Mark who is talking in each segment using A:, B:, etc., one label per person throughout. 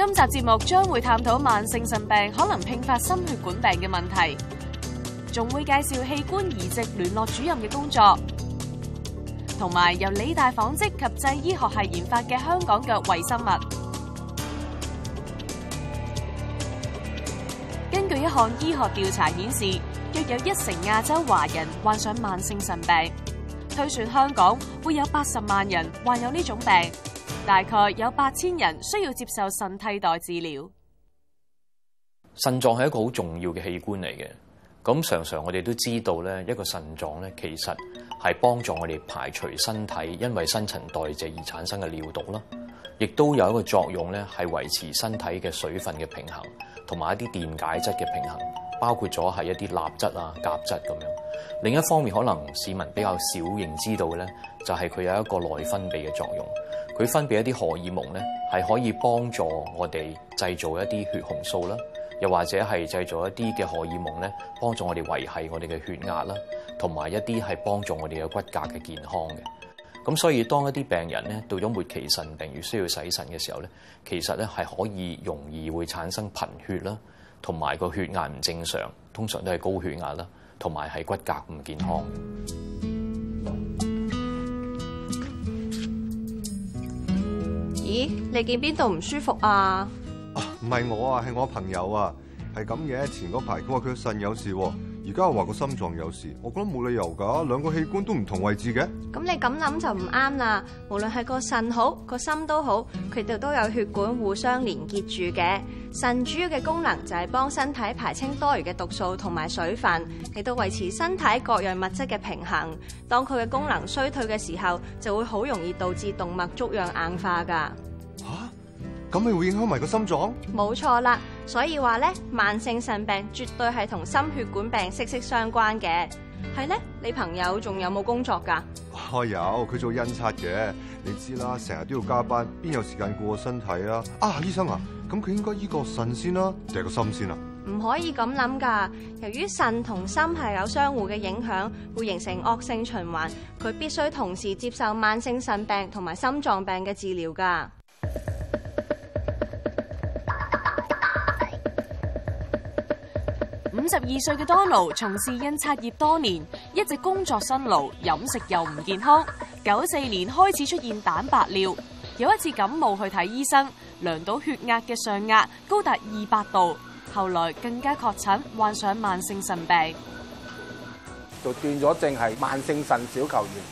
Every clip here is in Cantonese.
A: 今集節目將會探討慢性腎病可能併發心血管病嘅問題，仲會介紹器官移植聯絡主任嘅工作，同埋由理大紡織及製醫學系研發嘅香港腳衛生物。根據一項醫學調查顯示，約有一成亞洲華人患上慢性腎病，推算香港會有八十萬人患有呢種病。大概有八千人需要接受腎替代治療。
B: 腎臟係一個好重要嘅器官嚟嘅。咁常常我哋都知道咧，一個腎臟咧其實，係幫助我哋排除身體因為新陳代謝而產生嘅尿毒啦，亦都有一個作用咧，係維持身體嘅水分嘅平衡，同埋一啲電解質嘅平衡，包括咗係一啲鈉質啊、鉀質咁樣。另一方面，可能市民比較少認知道嘅咧，就係佢有一個內分泌嘅作用。佢分泌一啲荷爾蒙咧，係可以幫助我哋製造一啲血紅素啦，又或者係製造一啲嘅荷爾蒙咧，幫助我哋維係我哋嘅血壓啦，同埋一啲係幫助我哋嘅骨骼嘅健康嘅。咁所以當一啲病人咧，到咗末期腎病如需要洗腎嘅時候咧，其實咧係可以容易會產生貧血啦，同埋個血壓唔正常，通常都係高血壓啦，同埋係骨骼唔健康。
C: 咦，你見邊度唔舒服啊？
D: 唔係我啊，係我朋友啊，係咁嘅。前嗰排佢話佢腎有事，而家又話個心臟有事。我覺得冇理由噶，兩個器官都唔同位置嘅。
C: 咁你咁諗就唔啱啦。無論係個腎好，個心都好，佢哋都有血管互相連結住嘅。腎主要嘅功能就係幫身體排清多餘嘅毒素同埋水分，嚟到維持身體各樣物質嘅平衡。當佢嘅功能衰退嘅時候，就會好容易導致動脈粥樣硬化噶、啊。
D: 吓，咁你會影響埋個心臟？
C: 冇錯啦，所以話咧，慢性腎病絕對係同心血管病息息相關嘅。係咧，你朋友仲有冇工作噶？
D: 有，佢做印刷嘅，你知啦，成日都要加班，邊有時間顧身體啊？啊，醫生啊！咁佢應該依個腎先啦、啊，定係個心先啊？
C: 唔可以咁諗噶，由於腎同心係有相互嘅影響，會形成惡性循環。佢必須同時接受慢性腎病同埋心臟病嘅治療噶。
A: 五十二歲嘅 Donald 從事印刷業多年，一直工作辛勞，飲食又唔健康。九四年開始出現蛋白尿，有一次感冒去睇醫生。量到血壓嘅上壓高達二百度，後來更加確診患上慢性腎病，
E: 就斷咗症，係慢性腎小球炎。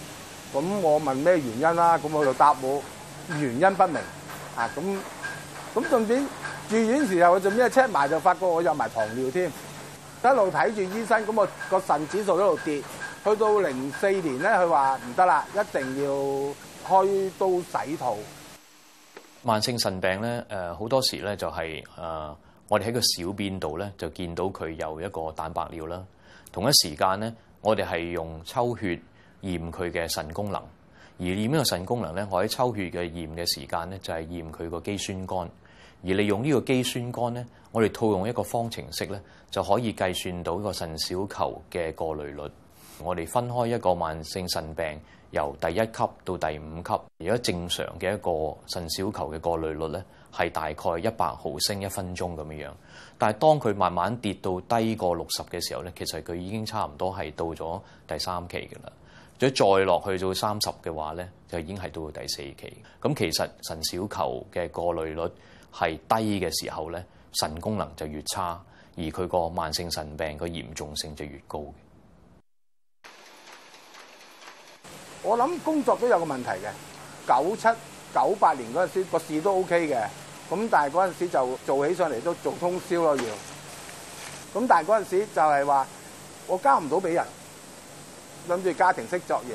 E: 咁我問咩原因啦？咁我就答我原因不明啊。咁咁順便住院時候，我做咩 check 埋就發覺我有埋糖尿添。一路睇住醫生，咁我個腎指數一路跌，去到零四年咧，佢話唔得啦，一定要開刀洗肚。
B: 慢性腎病咧，誒、呃、好多時咧就係、是、誒、呃、我哋喺個小便度咧就見到佢有一個蛋白尿啦。同一時間咧，我哋係用抽血驗佢嘅腎功能，而驗呢個腎功能咧，我喺抽血嘅驗嘅時間咧就係驗佢個肌酸酐，而利用呢個肌酸酐咧，我哋套用一個方程式咧就可以計算到一個腎小球嘅過濾率。我哋分開一個慢性腎病。由第一級到第五級，而家正常嘅一個腎小球嘅過濾率咧，係大概一百毫升一分鐘咁樣樣。但係當佢慢慢跌到低過六十嘅時候咧，其實佢已經差唔多係到咗第三期㗎啦。再落去到三十嘅話咧，就已經係到第四期。咁其實腎小球嘅過濾率係低嘅時候咧，腎功能就越差，而佢個慢性腎病個嚴重性就越高。
E: 我諗工作都有個問題嘅，九七九八年嗰陣時個事都 OK 嘅，咁但係嗰陣時就做起上嚟都做通宵咯，要咁但係嗰陣時就係話我交唔到俾人，諗住家庭式作業，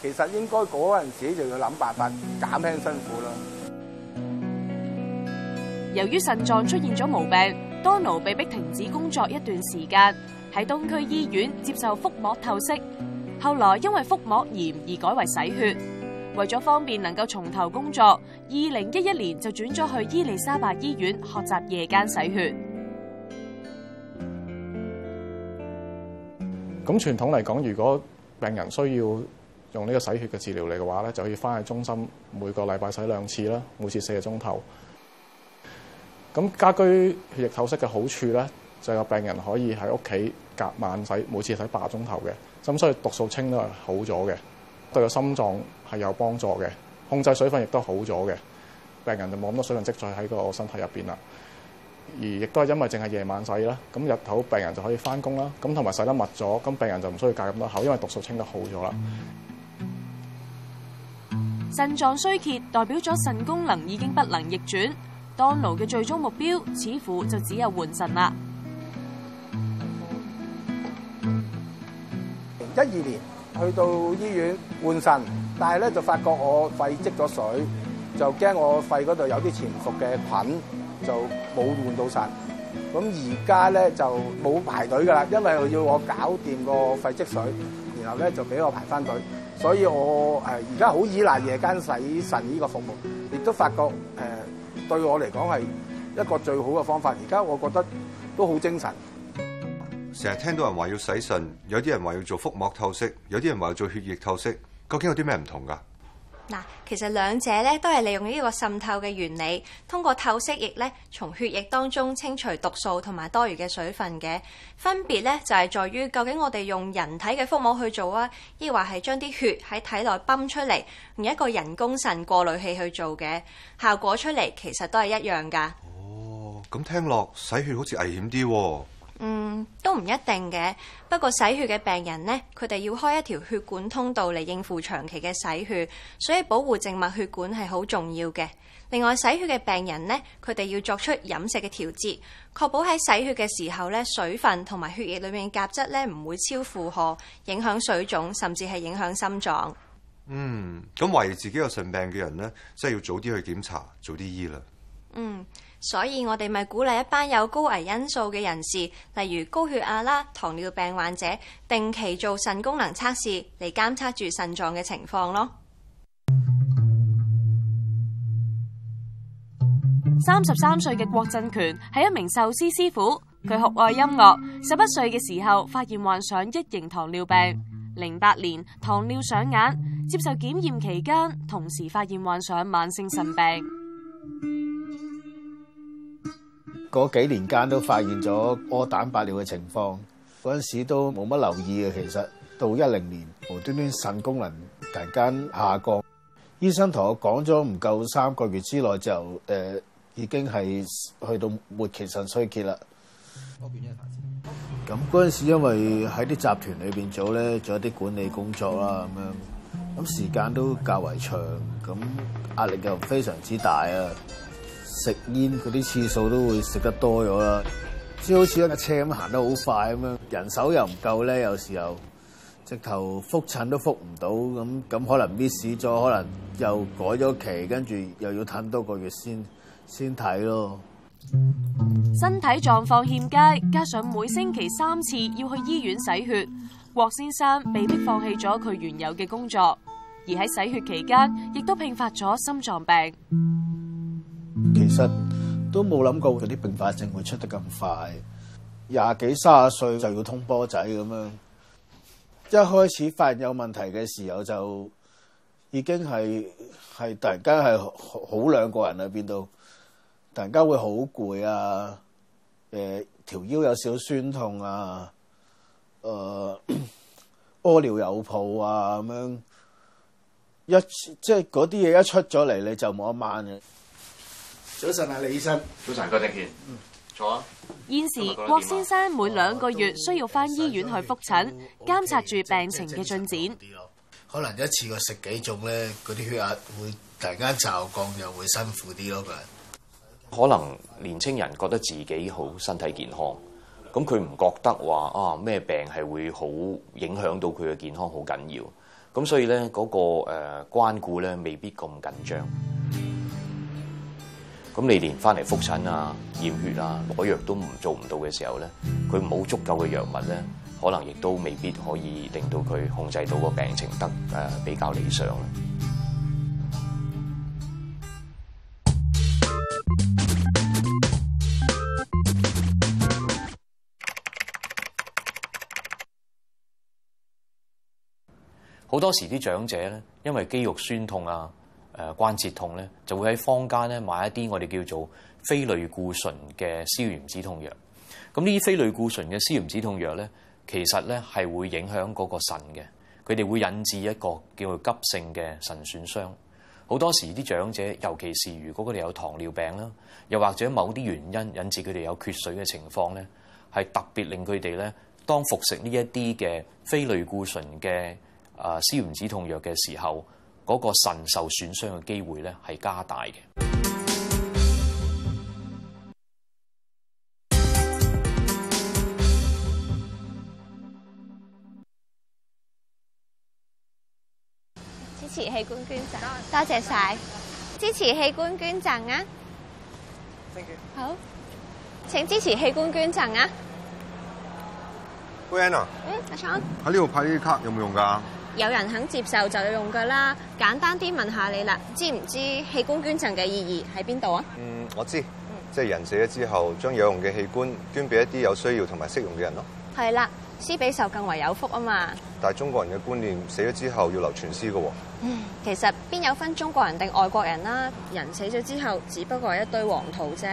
E: 其實應該嗰陣時就要諗辦法減輕辛苦啦。
A: 由於腎臟出現咗毛病，Donald 被逼停止工作一段時間，喺東區醫院接受腹膜透析。後來因為腹膜炎而改為洗血，為咗方便能夠從頭工作，二零一一年就轉咗去伊利沙伯醫院學習夜間洗血。
B: 咁傳統嚟講，如果病人需要用呢個洗血嘅治療嚟嘅話咧，就可以翻去中心每個禮拜洗兩次啦，每次四個鐘頭。咁家居血液透析嘅好處咧，就係病人可以喺屋企。隔晚洗，每次洗八個鐘頭嘅，咁所以毒素清都係好咗嘅，對個心臟係有幫助嘅，控制水分亦都好咗嘅，病人就冇咁多水分積聚喺個身體入邊啦。而亦都係因為淨係夜晚洗啦，咁日頭病人就可以翻工啦，咁同埋洗得密咗，咁病人就唔需要隔咁多口，因為毒素清得好咗啦。
A: 腎臟衰竭代表咗腎功能已經不能逆轉，當奴嘅最終目標似乎就只有換腎啦。
E: 一二年去到醫院換腎，但係咧就發覺我肺積咗水，就驚我肺嗰度有啲潛伏嘅菌，就冇換到腎。咁而家咧就冇排隊㗎啦，因為要我搞掂個肺積水，然後咧就俾我排翻隊。所以我誒而家好依賴夜間洗腎依個服務，亦都發覺、呃、對我嚟講係一個最好嘅方法。而家我覺得都好精神。
D: 成日聽到人話要洗腎，有啲人話要做腹膜透析，有啲人話要做血液透析，究竟有啲咩唔同㗎？
C: 嗱，其實兩者咧都係利用呢個滲透嘅原理，通過透析液咧從血液當中清除毒素同埋多餘嘅水分嘅。分別咧就係在於，究竟我哋用人體嘅腹膜去做啊，抑或係將啲血喺體內泵出嚟，用一個人工腎過濾器去做嘅，效果出嚟其實都係一樣㗎。哦，
D: 咁聽落洗血好似危險啲喎。
C: 嗯，都唔一定嘅。不過洗血嘅病人呢，佢哋要開一條血管通道嚟應付長期嘅洗血，所以保護靜脈血管係好重要嘅。另外，洗血嘅病人呢，佢哋要作出飲食嘅調節，確保喺洗血嘅時候呢，水分同埋血液裏面嘅鉀質呢唔會超負荷，影響水腫，甚至係影響心臟。
D: 嗯，咁懷疑自己有腎病嘅人呢，真係要早啲去檢查，早啲醫啦。嗯。
C: 所以我哋咪鼓勵一班有高危因素嘅人士，例如高血壓啦、糖尿病患者，定期做腎功能測試嚟監測住腎臟嘅情況咯。
A: 三十三歲嘅郭振權係一名壽司師傅，佢酷愛音樂。十一歲嘅時候發現患上一型糖尿病，零八年糖尿上眼，接受檢驗期間同時發現患上慢性腎病。
F: 嗰幾年間都發現咗屙蛋白尿嘅情況，嗰陣時都冇乜留意嘅。其實到一零年無端端腎功能突然間下降，醫生同我講咗唔夠三個月之內就誒、呃、已經係去到末期腎衰竭啦。咁嗰陣時因為喺啲集團裏邊做咧，做一啲管理工作啦咁樣，咁時間都較為長，咁壓力又非常之大啊。食煙嗰啲次數都會食得多咗啦，即好似一架車咁行得好快咁樣，人手又唔夠咧，有時候直頭覆診都覆唔到，咁咁可能 miss 咗，可能又改咗期，跟住又要等多個月先先睇咯。
A: 身體狀況欠佳，加上每星期三次要去醫院洗血，郭先生被迫放棄咗佢原有嘅工作，而喺洗血期間，亦都併發咗心臟病。
F: 其實都冇諗過嗰啲併發症會出得咁快，廿幾、卅歲就要通波仔咁樣。一開始發現有問題嘅時候，就已經係係突然間係好兩個人喺邊度，突然間會好攰啊，誒、呃、條腰有少少酸痛啊，誒屙尿有泡啊，咁樣一即係嗰啲嘢一出咗嚟，你就冇得慢嘅。早晨啊，李醫生。早晨，郭振權。嗯，
A: 坐啊。現時郭先生每兩個月需要翻醫院去覆診，監察住病情嘅進展。
F: 可能一次過食幾種咧，嗰啲血壓會突然間驟降，又會辛苦啲咯。咁
B: 可能年青人覺得自己好身體健康，咁佢唔覺得話啊咩病係會好影響到佢嘅健康好緊要。咁所以咧嗰個誒關顧咧未必咁緊張。咁你連返嚟覆診啊、驗血啊、攞藥都唔做唔到嘅時候咧，佢冇足夠嘅藥物咧，可能亦都未必可以令到佢控制到個病情得誒比較理想。好多時啲長者咧，因為肌肉痠痛啊。誒關節痛咧，就會喺坊間咧買一啲我哋叫做非類固醇嘅消炎止痛藥。咁呢啲非類固醇嘅消炎止痛藥咧，其實咧係會影響嗰個腎嘅，佢哋會引致一個叫做急性嘅腎損傷。好多時啲長者，尤其是如果佢哋有糖尿病啦，又或者某啲原因引致佢哋有缺水嘅情況咧，係特別令佢哋咧當服食呢一啲嘅非類固醇嘅啊消炎止痛藥嘅時候。嗰個腎受損傷嘅機會咧係加大嘅。
C: 支持器官捐贈，多謝晒！謝謝支持器官捐贈啊！Thank you. 好，請支持器官捐贈啊！Vian 誒阿昌，
D: 喺呢度派呢啲卡有冇用㗎？
C: 有人肯接受就有用噶啦，簡單啲問下你啦，知唔知器官捐贈嘅意義喺邊度啊？嗯，
D: 我知，即係人死咗之後，將有用嘅器官捐俾一啲有需要同埋適用嘅人咯。
C: 係啦，施比受更為有福啊嘛。
D: 但係中國人嘅觀念，死咗之後要留全屍嘅喎。嗯，
C: 其實邊有分中國人定外國人啦？人死咗之後，只不過係一堆黃土啫。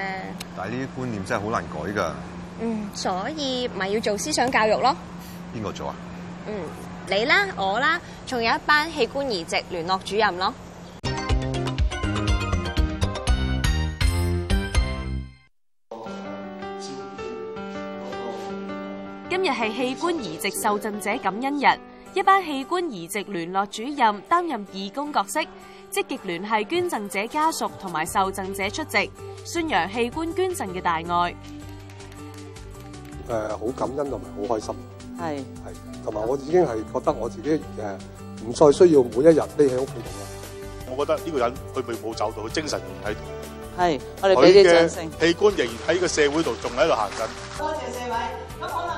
D: 但係呢啲觀念真係好難改㗎。嗯，
C: 所以咪要做思想教育咯。
D: 邊個做啊？嗯。
C: 你啦，我啦，仲有一班器官移植聯絡主任咯。
A: 今日係器官移植受贈者感恩日，一班器官移植聯絡主任擔任義工角色，積極聯繫捐贈者家屬同埋受贈者出席，宣揚器官捐贈嘅大愛。
D: 誒，好感恩同埋好開心。係，係，同埋我已經係覺得我自己誒，唔再需要每一日匿喺屋企度啦。
B: 我覺得呢個人佢並冇走到，佢精神仲喺度。係，我哋俾啲掌聲。器官仍然喺個社會度仲喺度行緊。
C: 多謝四位。咁可能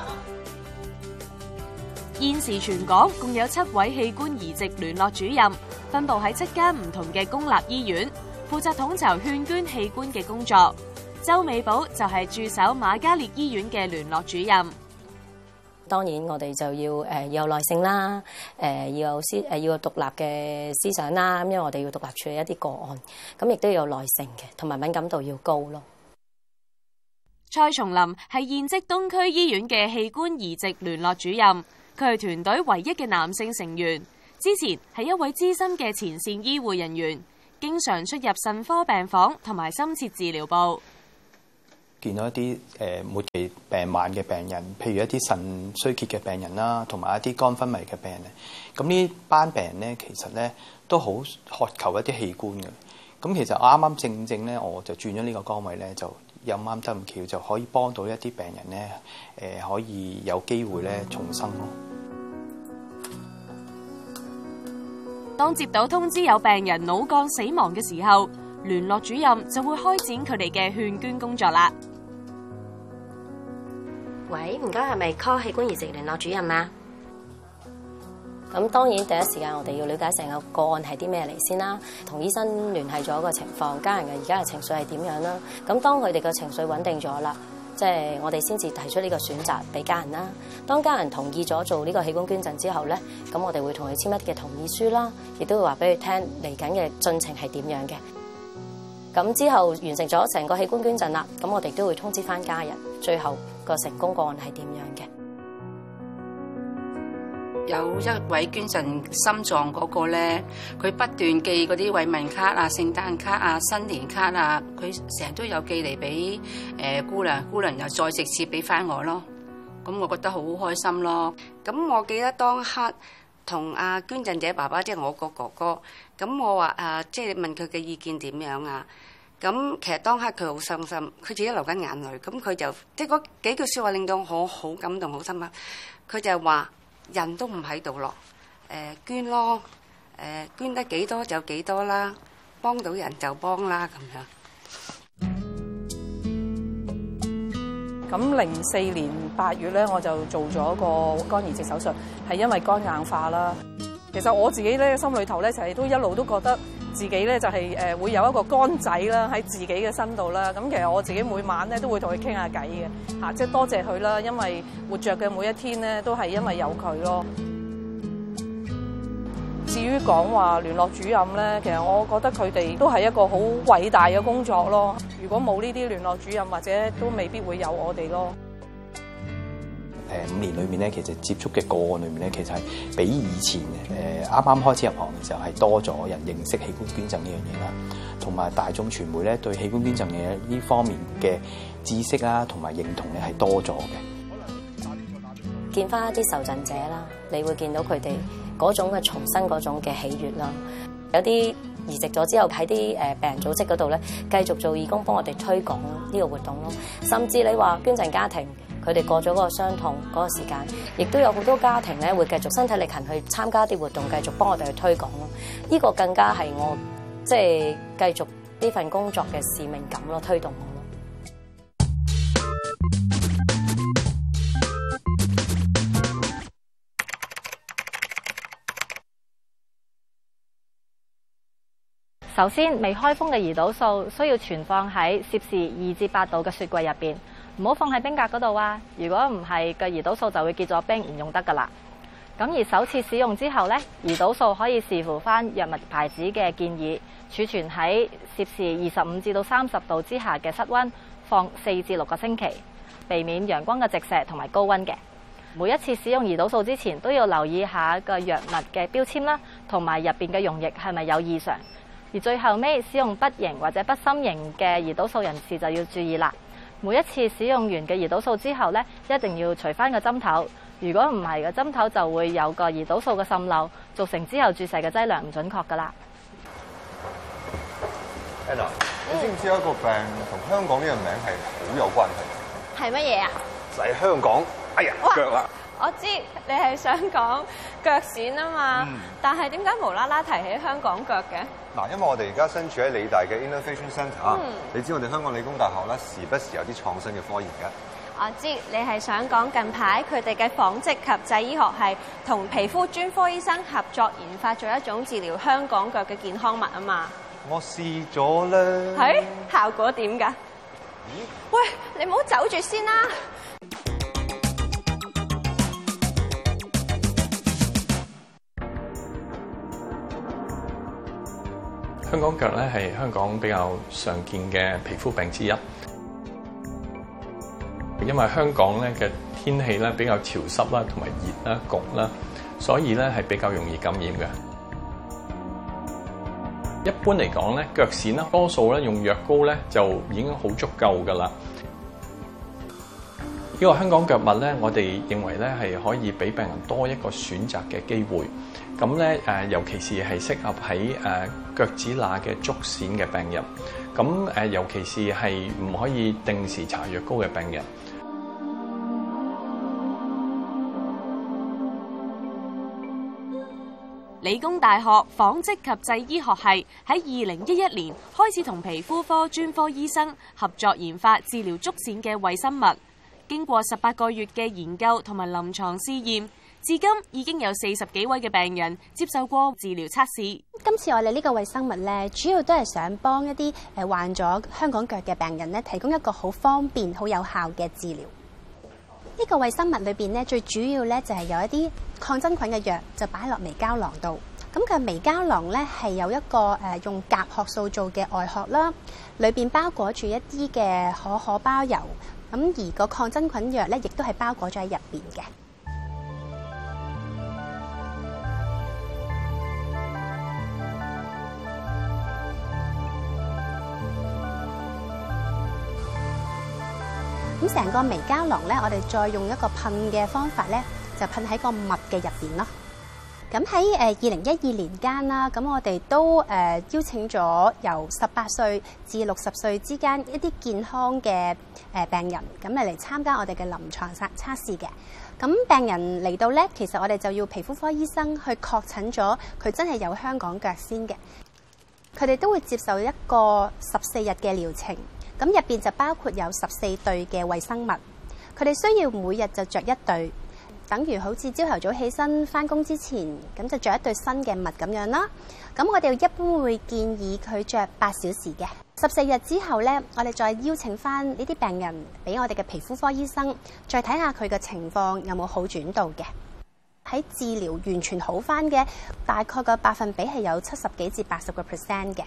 A: 現時全港共有七位器官移植聯絡主任，分布喺七間唔同嘅公立醫院，負責統籌勸捐器官嘅工作。周美寶就係駐守瑪嘉烈醫院嘅聯絡主
G: 任。當然，我哋就要有耐性啦，要有思要有獨立嘅思想啦。因為我哋要獨立處理一啲個案，咁亦都要有耐性嘅，同埋敏感度要高咯。
A: 蔡松林係現職東區醫院嘅器官移植聯絡主任，佢係團隊唯一嘅男性成員。之前係一位資深嘅前線醫護人員，經常出入腎科病房同埋深切治療部。
B: 見到一啲誒末期病患嘅病人，譬如一啲腎衰竭嘅病人啦，同埋一啲肝昏迷嘅病人。咁呢班病人咧，其實咧都好渴求一啲器官嘅。咁其實啱啱正正咧，我就轉咗呢個崗位咧，就又啱得唔巧就可以幫到一啲病人咧，誒、呃、可以有機會咧重生咯。
A: 當接到通知有病人腦幹死亡嘅時候，聯絡主任就會開展佢哋嘅勸捐工作啦。
F: 喂，
G: 唔該，係咪 call 器官移植聯絡主任啊？咁當然第一時間我哋要了解成個個案係啲咩嚟先啦。同醫生聯繫咗個情況，家人嘅而家嘅情緒係點樣啦？咁當佢哋嘅情緒穩定咗啦，即係我哋先至提出呢個選擇俾家人啦。當家人同意咗做呢個器官捐贈之後咧，咁我哋會同佢簽一啲嘅同意書啦，亦都會話俾佢聽嚟緊嘅進程係點樣嘅。咁之後完成咗成個器官捐贈啦，咁我哋都會通知翻家人。最後。個成功個案係點樣嘅？有一位捐贈心臟嗰個咧，佢不斷寄嗰啲慰問卡啊、聖誕卡啊、新年卡啊，佢成日都有寄嚟俾誒姑娘，姑娘又再直接俾翻我咯。
C: 咁我覺得好開心咯。咁我記得當刻同阿捐贈者爸爸，即係我個哥哥，咁我話誒，即係問佢嘅意見點樣啊？咁其實當刻佢好傷心，佢自己流緊眼淚。咁佢就即係嗰幾句説話令到我好感動、好深刻。佢就係話：人都唔喺度咯，誒捐咯，誒捐得幾多就幾多啦，幫到人就幫啦咁樣。咁零四年八
G: 月咧，我就做咗個肝移植手術，係因為肝硬化啦。其實我自己咧心裏頭咧成日都一路都覺得自己咧就係誒會有一個肝仔啦喺自己嘅身度啦，咁其實我自己每晚咧都會同佢傾下偈嘅吓，即係多謝佢啦，因為活着嘅每一天咧都係因為有佢咯。至於講話聯絡主任咧，其實我覺得佢哋都係一個好偉大嘅工作咯。如果冇呢啲聯絡主任，或者都未必會有我哋咯。
B: 誒五年裏面咧，其實接觸嘅個案裏面咧，其實係比以前誒啱啱開始入行嘅時候係多咗人認識器官捐贈呢樣嘢啦，同埋大眾傳媒咧對器官捐贈嘅呢方面嘅知識啊，同埋認同咧係多咗嘅。可能
G: 見翻啲受贈者啦，你會見到佢哋嗰種嘅重生嗰種嘅喜悅啦。有啲移植咗之後喺啲誒病人組織嗰度咧，繼續做義工幫我哋推廣呢個活動咯。甚至你話捐贈家庭。佢哋過咗嗰個傷痛嗰個時間，亦都有好多家庭咧會繼續身體力行去參加啲活動，繼續幫我哋去推廣咯。呢個更加係我即係繼續呢份工作嘅使命感咯，推動我咯。
C: 首先，未開封嘅胰島素需要存放喺攝氏二至八度嘅雪櫃入邊。唔好放喺冰格嗰度啊！如果唔係，個胰島素就會結咗冰，唔用得噶啦。咁而首次使用之後咧，胰島素可以視乎翻藥物牌子嘅建議，儲存喺攝氏二十五至到三十度之下嘅室溫，放四至六個星期，避免陽光嘅直射同埋高溫嘅。每一次使用胰島素之前，都要留意一下個藥物嘅標籤啦，同埋入邊嘅溶液係咪有異常。而最後尾使用筆型或者筆芯型嘅胰島素人士就要注意啦。每一次使用完嘅胰島素之後咧，一定要除翻個針頭。如果唔係嘅，個針頭就會有個胰島素嘅滲漏，造成之後注射嘅劑量唔準確噶啦。
D: a 你知唔知一個病同香港呢個名係好有關係係乜嘢啊？就係香港，哎呀，哇腳啦。
C: 我知你係想講腳癬啊嘛，嗯、但係點解無啦啦提起香港腳嘅？
D: 嗱，因為我哋而家身處喺理大嘅 Innovation Centre 啊、嗯，你知我哋香港理工大學咧時不時有啲創新嘅科研㗎。
C: 我知你係想講近排佢哋嘅紡織及製醫學係同皮膚專科醫生合作研發咗一種治療香港腳嘅健康物啊嘛。
D: 我試咗啦。係、欸、
C: 效果點㗎？咦喂，你唔好走住先啦！
B: 香港腳咧係香港比較常見嘅皮膚病之一，因為香港咧嘅天氣咧比較潮濕啦，同埋熱啦、焗啦，所以咧係比較容易感染嘅。一般嚟講咧，腳癬啦，多數咧用藥膏咧就已經好足夠噶啦。呢個香港腳藥物咧，我哋認為咧係可以俾病人多一個選擇嘅機會。咁咧尤其是係適合喺誒腳趾罅嘅足癬嘅病人。咁尤其是係唔可以定時搽藥膏嘅病人。
A: 理工大學紡織及製醫學系喺二零一一年開始同皮膚科專科醫生合作研發治療足癬嘅衛生物，經過十八個月嘅研究同埋臨床試驗，至今已經有四十幾位嘅病人接受過治療測試。
H: 今次我哋呢個衛生物咧，主要都係想幫一啲誒患咗香港腳嘅病人咧，提供一個好方便、好有效嘅治療。呢個衛生物裏邊呢，最主要咧就係有一啲抗真菌嘅藥，就擺落微膠囊度。咁佢微膠囊咧係有一個誒用甲殼素做嘅外殼啦，裏邊包裹住一啲嘅可可包油。咁而個抗真菌藥咧，亦都係包裹咗喺入邊嘅。咁成個微膠囊咧，我哋再用一個噴嘅方法咧，就噴喺個襪嘅入邊咯。咁喺誒二零一二年間啦，咁我哋都誒、呃、邀請咗由十八歲至六十歲之間一啲健康嘅誒、呃、病人，咁嚟嚟參加我哋嘅臨床測測試嘅。咁病人嚟到呢，其實我哋就要皮膚科醫生去確診咗佢真係有香港腳先嘅。佢哋都會接受一個十四日嘅療程，咁入邊就包括有十四對嘅衛生物，佢哋需要每日就着一對。等於好似朝頭早起身翻工之前，咁就着一對新嘅襪咁樣啦。咁我哋一般會建議佢着八小時嘅。十四日之後呢，我哋再邀請翻呢啲病人俾我哋嘅皮膚科醫生再睇下佢嘅情況有冇好轉到嘅。喺治療完全好翻嘅，大概個百分比係有七十幾至八十個 percent 嘅。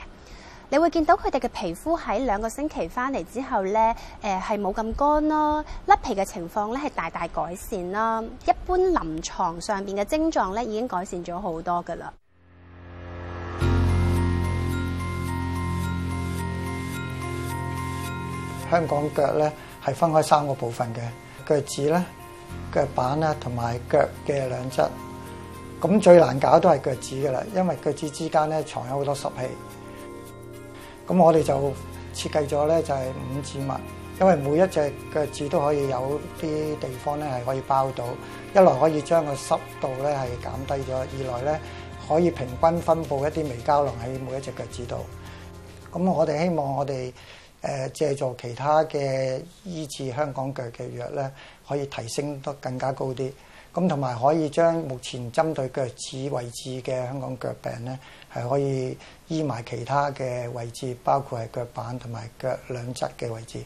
H: 你會見到佢哋嘅皮膚喺兩個星期翻嚟之後咧，誒係冇咁乾咯，甩皮嘅情況咧係大大改善啦。一般臨床上邊嘅症狀咧已經改善咗好多噶啦。
E: 香港腳咧係分開三個部分嘅腳趾咧、腳板咧，同埋腳嘅兩側。咁最難搞都係腳趾噶啦，因為腳趾之間咧藏有好多濕氣。咁我哋就設計咗咧，就係五指襪，因為每一隻腳趾都可以有啲地方咧係可以包到，一來可以將個濕度咧係減低咗，二來咧可以平均分布一啲微膠囊喺每一隻腳趾度。咁我哋希望我哋誒藉助其他嘅醫治香港腳嘅藥咧，可以提升得更加高啲。咁同埋可以將目前針對腳趾位置嘅香港腳病咧，係可以醫埋其他嘅位置，包括係腳板同埋腳兩側嘅位置。